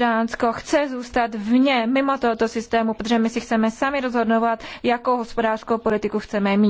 Dánsko chce zůstat vně, mimo tohoto systému, protože my si chceme sami rozhodovat, jakou hospodářskou politiku chceme mít.